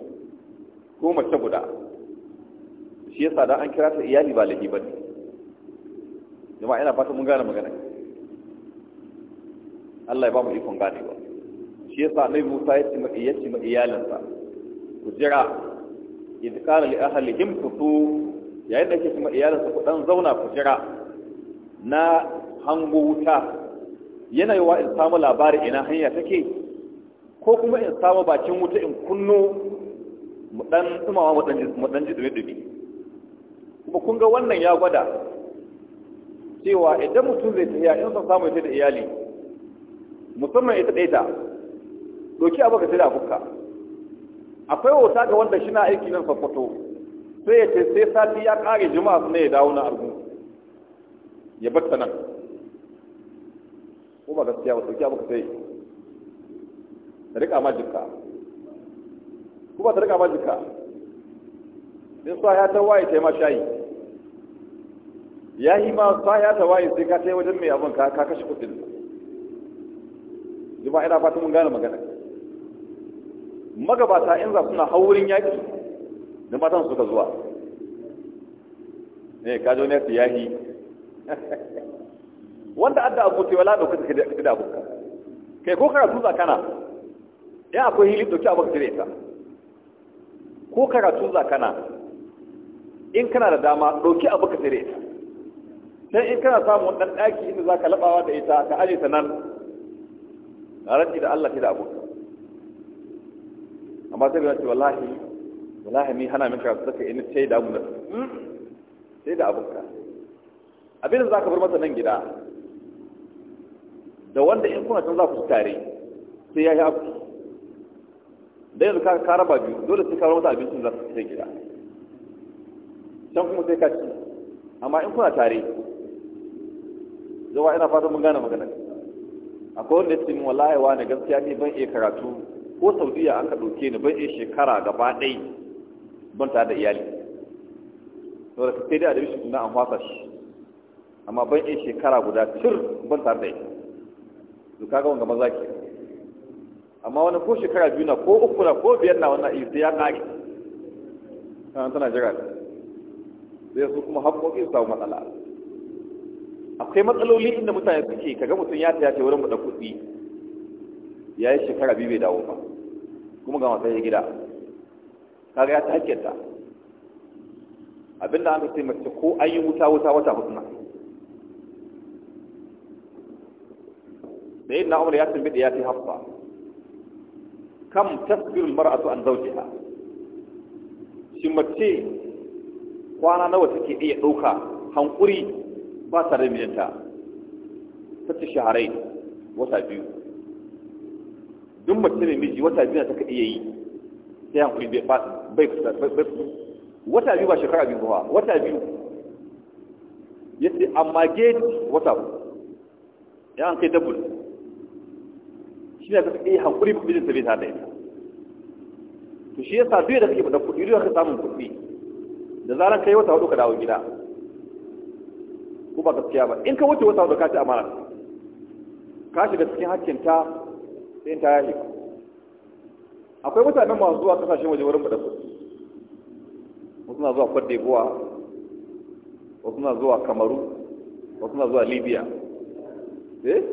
ko mace guda shi ya sada an kira ta iyali ba lahi ba ne jama'a yana fata mun gane magana Allah ya ba mu ikon ganewa shi yasa Annabi Musa ya ce ma iyalin ku jira idh qala li ahlihim futu yayin da ke kuma iyalinsa ku dan zauna ku jira na hango wuta yana in samu labari ina hanya take ko kuma in samu bakin wuta in kunno mu dan dumawa mu dan ji dumi kuma kun ga wannan ya gwada cewa idan mutum zai tafiya in son samu ita da iyali musamman ita ɗaya ta doki abu ka sai da akwai wata ga wanda shi na aiki nan sakwato sai ya ce sai sati ya kare juma'a su ne ya dawo na argun ya batta nan ko ba gaskiya ba sauki abu ka sai ta rika ma jika Kuma ta rika ma jika in sa ya ta waye ta yi ma shayi ya yi ma sa ya ta waye sai ka ta yi wajen mai abin ka kashe kudin juma'a ina fatan mun gane magana magabata in za suna haurin yaƙi. da matan suka zuwa ne eh, ka zo ne su yahi [LAUGHS] wanda adda abu ce wala da kuka da abu kai ko karatu zakana ya akwai hili dauki abu ka ita ko karatu zakana in kana da dama dauki abu ka ita sai in kana samu dan daki inda zaka labawa da ita ka aje ta nan a ranci da Allah ki da abu amma sai ga wallahi wallahi ni hana min karatu saka in sai da mun hmm? sai da abuka abin da zaka bar masa nan gida da wanda in kuna tun za ku tare sai ya yi abu da yanzu ka raba biyu dole sai ka raba masa abincin za su sai gida can kuma sai ka ci amma in kuna tare zuwa ina fatan mun gane magana akwai wanda ya ce min wallahi wani gaskiya ne ban iya karatu ko saudiya an ka ɗauke ni ban iya shekara gaba ɗaya? ban tare da iyali saboda ka sai dai a da na an fasa shi amma ban iya shekara guda cir ban tare da ita su kaga wanga maza ke amma wani ko shekara biyu na ko uku na ko biyar na wannan iya sai ya kage kan tana jira sai su kuma haƙoƙi su samu matsala akwai matsaloli inda mutane suke kaga mutum ya ta yace wurin da kuɗi ya yi shekara biyu bai dawo ba kuma ga masu gida kaga ya ta ta abinda an ce mace ko an yi wuta wuta wata hudu na da na na'amar ya tambi da ya fi hafsa kam tasbirin mar'atu an zaujiha shi mace kwana nawa take iya ɗauka hankuri ba ta da mijinta ta ci shaharai wata biyu duk mace mai miji wata biyu na taka iya yi ya hankuri bai bai bai wata biyu ba shekara biyu ba wata biyu ya ce amma gate wata ba ya an kai dabbul shi ne ka kai eh, hankuri bijin sabi ta da ita to shi ya duk da kake da kuɗi duk ka samun kudi da zaran kai wata hudu ka dawo gida ko ba gaskiya ba in ka wuce wata hudu ka ci amara ka shiga cikin hakkin ta sai ta yahi akwai mutanen masu zuwa kasashen waje wurin bada kudi wasu na zuwa cote d'ivoire wasu na zuwa kamaru wasu na zuwa libya eh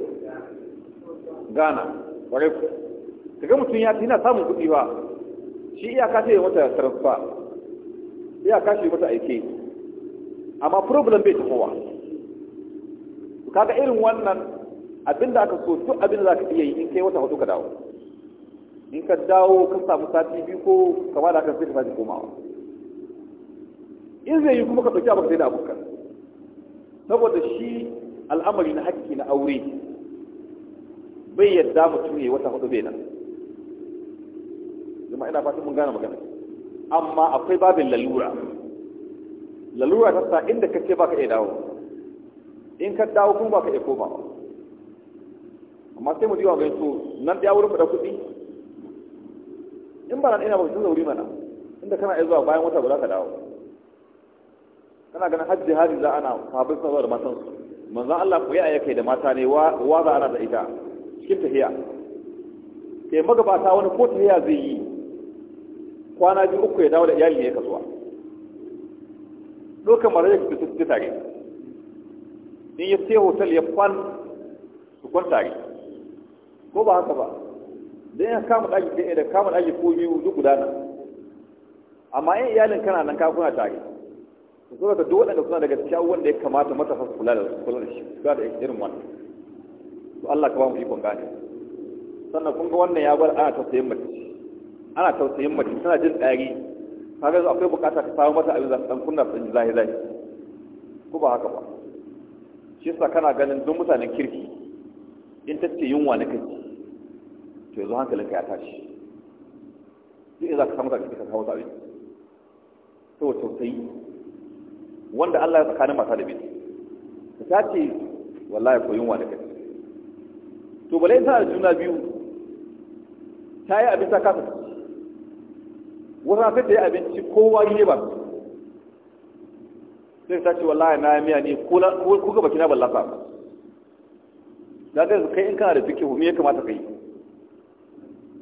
ghana ƙwarai ku kaga mutum ya na samun kudi ba shi iyaka ce mata transfer iyaka shi mata aike amma problem bai tafowa kaga irin wannan abinda aka so su abinda za ka iya yi in kai wata hudu ka dawo in ka dawo ka samu sati biyu ko kama da haka sai ka sake komawa in zai yi kuma ka ɗauki abu sai da abokan saboda shi al'amari na haƙƙi na aure bai yadda mutum ya yi wata hudu bai nan zama ina fatan mun gane magana amma akwai babin lalura lalura ta sa inda ka ce baka iya dawo in ka dawo kuma baka iya komawa amma sai mu ji wa gaisu nan ɗaya wurin da kuɗi in ba nan ina ba canza wuri mana inda kana iya zuwa bayan wata guda ka dawo kana ganin hajji hajji za ana kafin sanarwa da matan su manzan Allah ku yi ayyakai da mata ne wa za ana da ita cikin tafiya ke magabata wani ko tafiya zai yi kwana biyu uku ya dawo da iyali ne ya kasuwa lokacin mara yake su ci tare in ya sai hotel ya kwan su kwan tare ko ba haka ba dan ya kama daki kai da kama daki ko biyu duk na. amma yin iyalin kana nan ka kuna tare su so da dole da suna daga cikin wanda ya kamata matasa su kula da su kula da shi ga da irin wannan to Allah ka ba mu ikon gane sannan kun ga wannan ya bar ana tausayin mace ana tausayin mace tana jin tsari kaga akwai bukata ta samu mata abin da dan kunna sun zahi zahi ko ba haka ba shi yasa kana ganin duk mutanen kirki in tace yunwa na kai? to yanzu hankalinka ya tashi duk za ka samu zaka ka kawo zabe wato tausayi wanda Allah ya tsakanin mata da miji ta ce wallahi koyin wa da kai to bale tana da juna biyu ta yi abin ta kasa wata sai ta yi abinci kowa ne ba sai ta ce wallahi na miya ne ko ga baki na ballasa ba da kai in kana da fikihu me ya kamata ka yi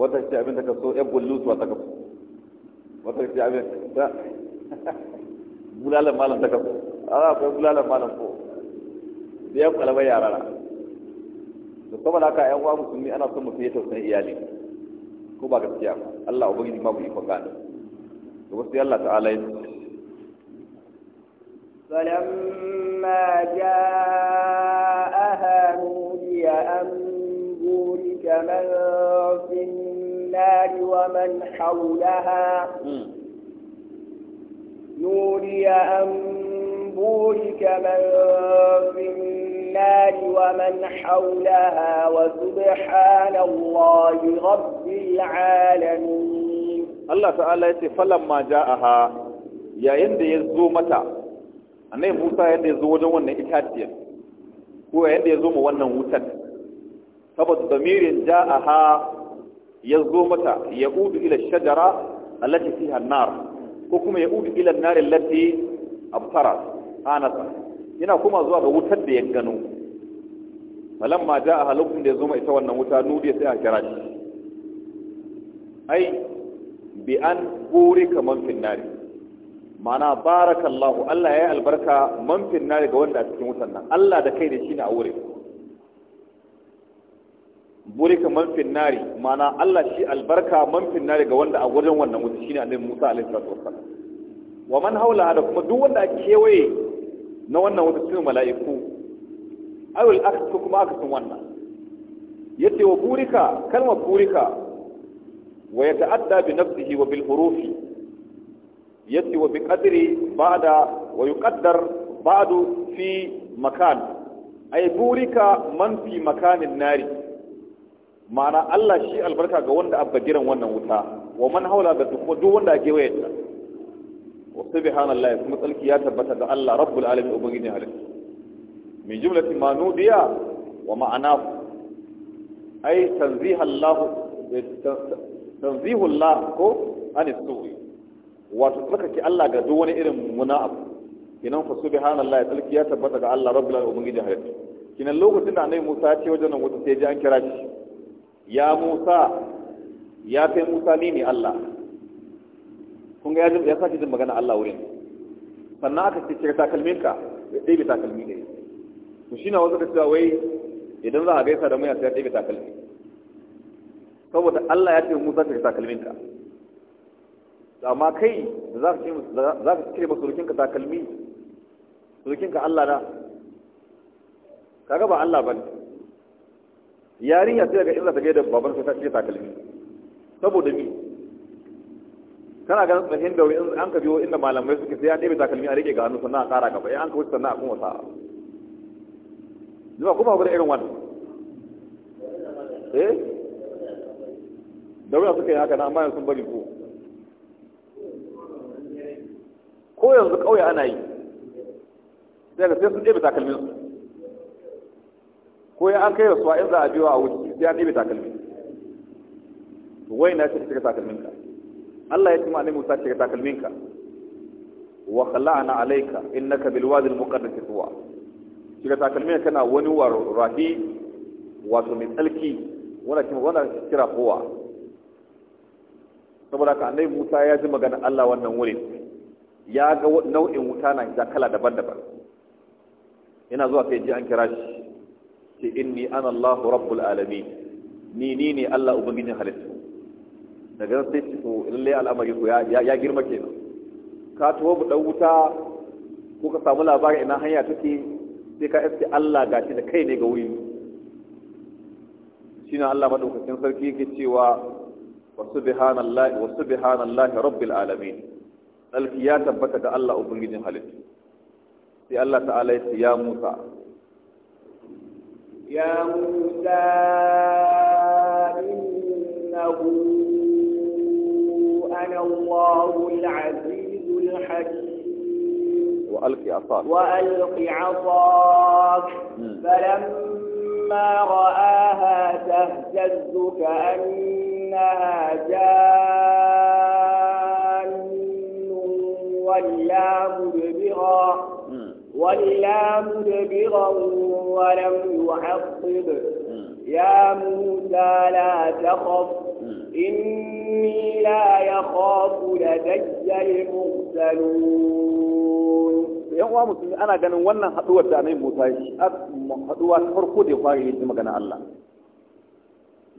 wata ce abin da ka so ya bullu su wata kafa wata ce abin da [LAUGHS] bulalan malam ta kafa a akwai bulalan malam ko da ya kwalaba yara da saboda haka yan uwa musulmi ana son mutum ya tausayin iyali ko ba gaskiya ba Allah ubangiji ma ku ikon gane da wasu Allah ta'ala ya فلما جاءها نودي أن بورك من في النار ومن حولها نوري أن بورك من في النار ومن حولها وسبحان الله رب العالمين الله تعالى فلما جاءها يا يند يزو متى annai musa yadda ya zo wajen wannan itaciyar ko yadda ya zo ma wannan wutar saboda damirin ja'aha ya zo mata ya udu ila shajara allati fiha nar ko kuma ya udu ila nar allati abtara anasa yana kuma zuwa ga wutar da ya gano Malam malamma jaa halukun da ya zo mai ita wannan wuta nudiya sai a kira shi ai bi an buri kaman finnari mana barakallahu Allah ya yi albarka man finnari ga wanda a cikin wutan nan Allah da kai da shi ne a wurin burika man finnari mana Allah shi albarka man finnari ga wanda a wajen wannan wuta shine annabi Musa alaihi salatu wassalam wa man haula da kuma duk wanda a kewaye na wannan wuta sune mala'iku ayul aks ko kuma aka sun wannan yace wa burika kalma burika wa yata'adda bi nafsihi wa bil hurufi yace wa bi qadri ba'da wa yuqaddar ba'du fi makan ay burika man fi makanin nari ma'ana Allah shi albarka ga wanda abba giran wannan wuta wa man haula da duk wanda ake wayarta wa subhanallahi kuma tsalki ya tabbata da Allah rabbul alamin ubangiji halitta min jumlati ma nudiya wa ma'ana ai tanziha Allah tanzihu Allah ko anis suwi wato tsarkake Allah ga duk wani irin mummuna abu kinan fa subhanallahi tsalki ya tabbata da Allah rabbul alamin ubangiji halin kinan lokacin da annabi Musa ya ce wajen wuta sai ji an kira shi ya musa ya fi musa ni ne allah kun ga ya sake jin magana allah wurin sannan aka ce cire takalminka ya ɗebe takalmi ne to shi na wasu da cewa wai idan za a gaisa da a sai ya takalmi saboda allah ya ce musa cire ka amma kai da za ka cire masu rukinka takalmi rukinka allah na kaga ba allah ba ne yarinya sai daga inda ta gaida baban sai ta ce takalmi saboda mi kana ganin tsahin da in an ka biyo inda malamai suke sai ya ɗebe takalmi a rike ga hannu sannan a ƙara gaba ya an ka wuce sannan a kuma sa'a zuwa kuma guda irin wannan eh da wuya suka yi haka na amma sun bari ko ko yanzu ƙauye ana yi daga sai sun ɗebe takalmin su ko ya an kai wasu in za a biyo a wuce sai an ɗibe takalmi wai na shi shiga takalminka Allah ya ce ma annabi Musa cika takalminka wa khala'na alayka innaka bil wadi al muqaddas tuwa cika takalminka kana wani waro rafi wato mai tsalki wanda kuma wanda kira kowa saboda ka annabi Musa ya ji magana Allah wannan wurin ya ga nau'in wuta na kala daban-daban Ina zuwa kai ji an kira shi ce inni an Allah rabbul alami ni ni ne Allah ubangijin halittu daga sai ce lalle al'amari ko ya girma kenan ka tuwo mu dan wuta ko ka samu labarin ina hanya take sai ka iske Allah gashi da kai ne ga wuri shine Allah madaukakin sarki yake cewa wa subhanallahi wa subhanallahi rabbil alamin alki ya tabbata ga Allah ubangijin halittu sai Allah ta'ala ya ce ya Musa يا موسى إنه أنا الله العزيز الحكيم وألقي عصاك وألقي عصاك فلما رآها تهتز كأنها جان ولا مدبرا ولا مدبرا ولم يعقب يا موسى لا تخف إني لا يخاف لدي المرسلون يوم مسلم أنا كان وانا حدوة تاني موسى أسمى حدوة حرقود يفاقي لزم كان الله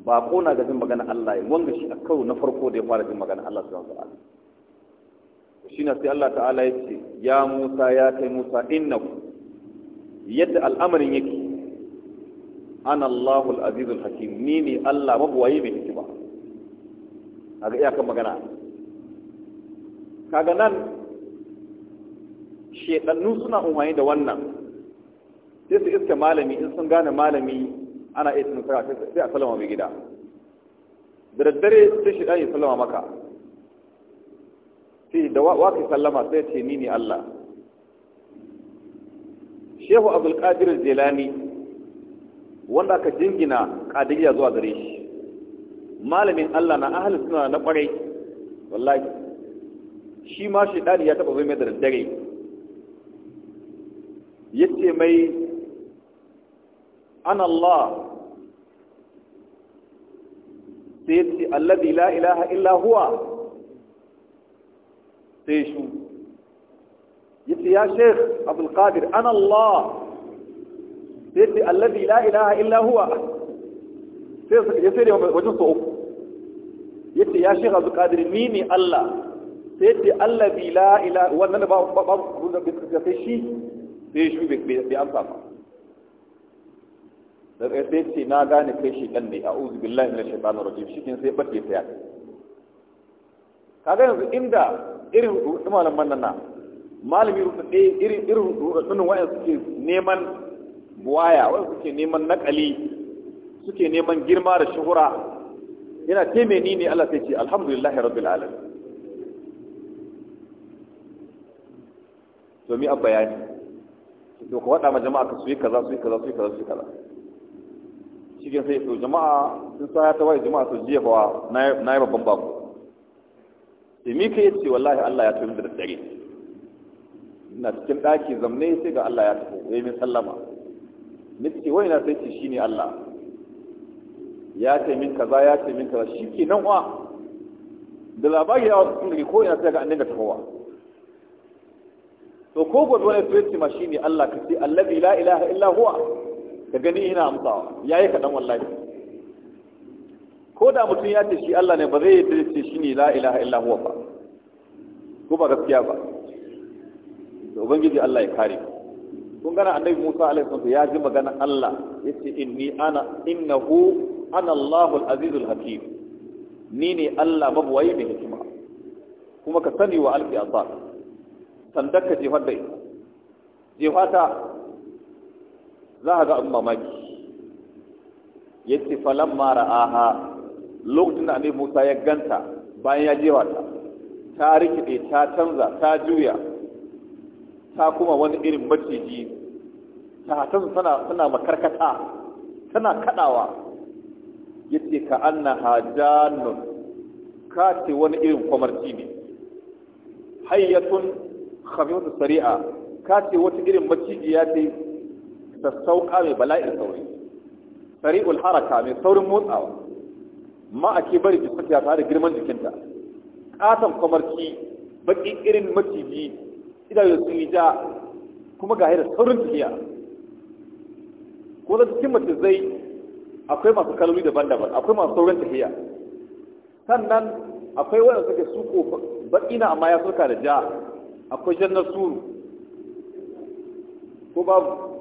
باقونا كزم كان الله وانجش أكو نفرقود يفاقي يسمى كان الله سبحانه وتعالى shi na sai Allah ta'ala ya ce ya Musa ya kai Musa innahu yadda al'amarin yake ana Allahul azizul hakim ni ne Allah mabuwaye mai hikima a ga iyakan magana kaga nan shedannu suna umarni da wannan sai su iska malami in sun gane malami ana iya tunan sai a salama mai gida da daddare sai ɗaya ya salama maka sai da waka sallama sai ce ni ne Allah Shehu Abdul Qadir Jilani wanda aka jingina kadiriya zuwa gare shi malamin Allah na ahli sunna na kwarai wallahi shi ma shi dadi ya taba zai mai da daddare yace mai ana Allah sai yace alladhi la ilaha illa huwa sai shu ya sheikh abdul qadir ana allah sai ce allazi la ilaha illa huwa sai ya sai da wajen so uku yace ya sheikh abdul qadir ni ne allah sai ce allazi la ilaha wannan ba ba ba sai bai amsa daga sai ce na gane kai shi ɗan ne a uzu billahi na shaitanir rajim shi sai bace ta ya kaga yanzu inda irin rudu malaman nan na malami rudu ɗaya irin irin sunan wayan suke neman buwaya wayan suke neman nakali suke neman girma da shuhura yana taimeni ne Allah sai ce alhamdulillahi rabbil alamin mi abba bayani to ko waɗa ma jama'a ka suyi kaza suyi kaza suyi kaza suyi kaza shi sai to jama'a sun sa ta waye jama'a su jiya fa na yi babban babu mi ka ya ce wallahi Allah ya tafi da dare ina cikin ɗaki zamne sai ga Allah ya tafi ya yi min sallama ni ce wai na sai ce shi ne Allah ya ce min kaza ya ce min kaza shi ke nan wa da labari ya wasu sun ko ina sai ga annin da tafowa to ko gwada wani sai ce ma shi ne Allah ka ce allazi la ilaha illa huwa ka gani ina amsawa yayi kaɗan wallahi ko da mutum ya ce shi Allah ne ba zai yi da ce shi ne la ilaha illa huwa ba ko ba gaskiya ba da ubangiji Allah ya kare kun gana annabi Musa alaihi salam ya ji magana Allah yace inni ana innahu ana Allahu al-aziz al-hakim ni ne Allah mabuwayi mai hikima kuma ka sani wa alfi asa. sandar ka jefar da ita jefa ta za ka ga abin mamaki yace falamma ra'aha lokacin da annabi Musa ya ganta bayan ya jewa ta ta rikide ta canza ta juya ta kuma wani irin maciji ta tana tana tana makarkata tana kadawa yace ka anna hajanun ka ce wani irin kwamarci ne hayyatun khabiyatu sari'a ka ce wata irin ya ce ta sauka mai bala'in sauri sari'ul haraka mai saurin motsawa ma a ke bari jisfatiya tare da girman jikinta katon kwamarki baki irin maciji idanun sun yi ja kuma ga da saurin tafiya ko da cikin mace zai akwai masu kaloli daban-daban akwai masu saurin tafiya sannan akwai wadanda suke suko baki na amma ya suka da ja akwai jannar suru ko babu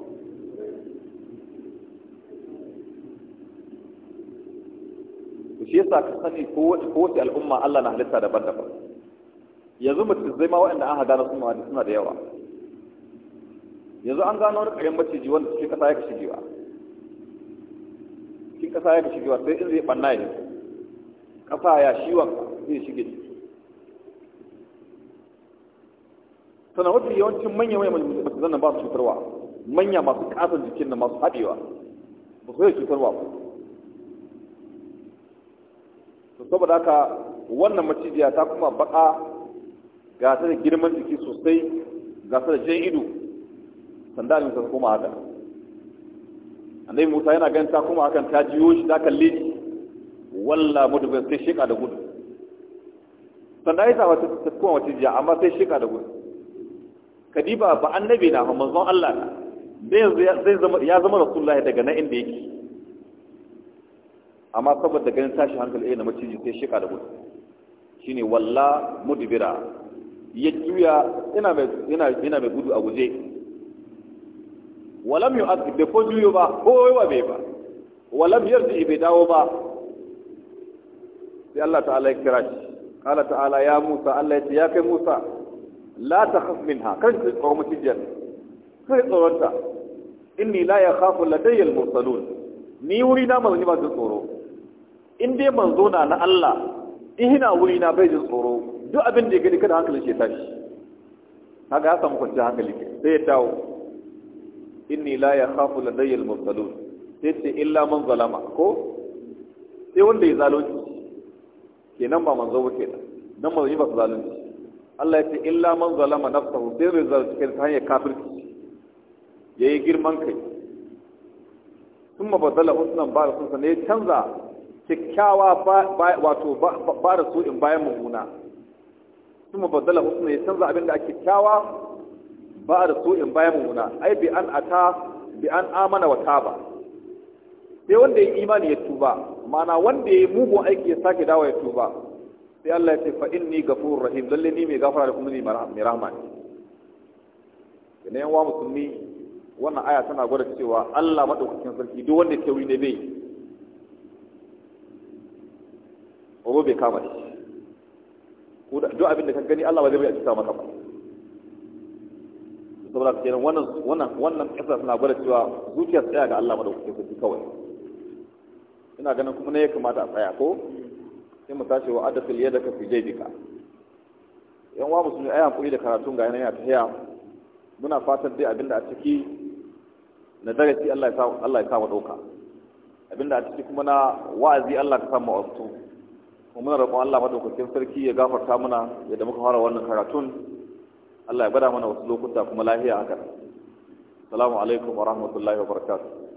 to shi yasa ka sani ko wace al'umma Allah na halitta daban-daban yanzu mutum zai ma waɗanda an na sun ma suna da yawa yanzu an gano wani ƙarin maciji wanda cikin ƙasa ya kashe jiwa cikin ƙasa ya kashe jiwa sai in zai ɓanna ya ƙasa ya shiwon zai shige ciki sannan wata yawancin manya manya mace zannan ba su cutarwa manya masu ƙasar jikin da masu haɗewa ba su yi cutarwa ba to saboda haka wannan macijiya ta kuma baka ga ta da girman jiki sosai ga ta da jan ido sanda ne ta kuma haka annabi Musa yana ganin ta kuma hakan ta jiyo shi ta kalle shi walla mudubin sai shika da gudu sanda ya sa ta kuma macijiya amma sai shika da gudu kadiba ba annabi na manzon Allah ne zai zama ya zama rasulullahi daga nan inda yake amma saboda ganin tashi hankali irin na maciji sai shika da gudu shine walla mudbira ya juya ina mai ina ina mai gudu a guje walam yu'adhib da ko juyo ba ko waiwa bai ba walam yarji bai dawo ba sai Allah ta'ala ya kira shi qala ta'ala ya Musa Allah ya ce ya kai Musa la ta takhaf minha kan ki tsoro mutijan sai tsoronta inni la ya khafu al-mursalun ni wuri na mazuni ba tsoro in dai manzo na na Allah ihina wuri na bai jin tsoro duk abin da ya gani kada hankali ke tashi kaga ya samu kwanciyar hankali ke sai ya dawo inni la ya kafu ladayya al-mursalun sai ce illa man zalama ko sai wanda ya zalunci kenan ba manzo ba kenan dan manzo ba zalunci Allah ya ce illa man zalama nafsahu sai bai zalunci kai ta hanyar kafirci yayi girman kai kuma dala usman ba da sunsa canza kyakkyawa wato ba da su in bayan mummuna su kuma badala husna ya canza abin da kyakkyawa ba da so in bayan mummuna ai bi an ata bi an amana wa ta ba sai wanda ya imani ya tuba mana wanda ya mugu aiki ya sake dawa ya tuba sai Allah ya ce fa inni gafur rahim lalle ni mai gafara da kuma ni mai rahama ne ne yan wa musulmi wannan aya tana gwada cewa Allah madaukakin sarki duk wanda ke wuri ne bai tsoro bai kama da shi duk abin da ka gani Allah ba zai bai cuta maka ba saboda kenan wannan wannan wannan kasa suna gwada cewa zuciya tsaya ga Allah madaukakin sarki kawai ina ganin kuma ne ya kamata a tsaya ko sai mu tashi wa adatul yadaka fi jaybika yan wa musulmi ai hankuri da karatun ga yanayi a tahiya muna fatan dai abinda a ciki na darasi Allah ya sa Allah ya sa mu dauka abinda a ciki kuma na wa'azi Allah ka sa mu wasu kuma roƙon Allah madaukakin sarki ya gafarta mana yadda muka fara wannan karatun Allah ya bada mana wasu lokuta kuma lafiya haka Salamu alaikum wa rahmatullahi wa barakatuh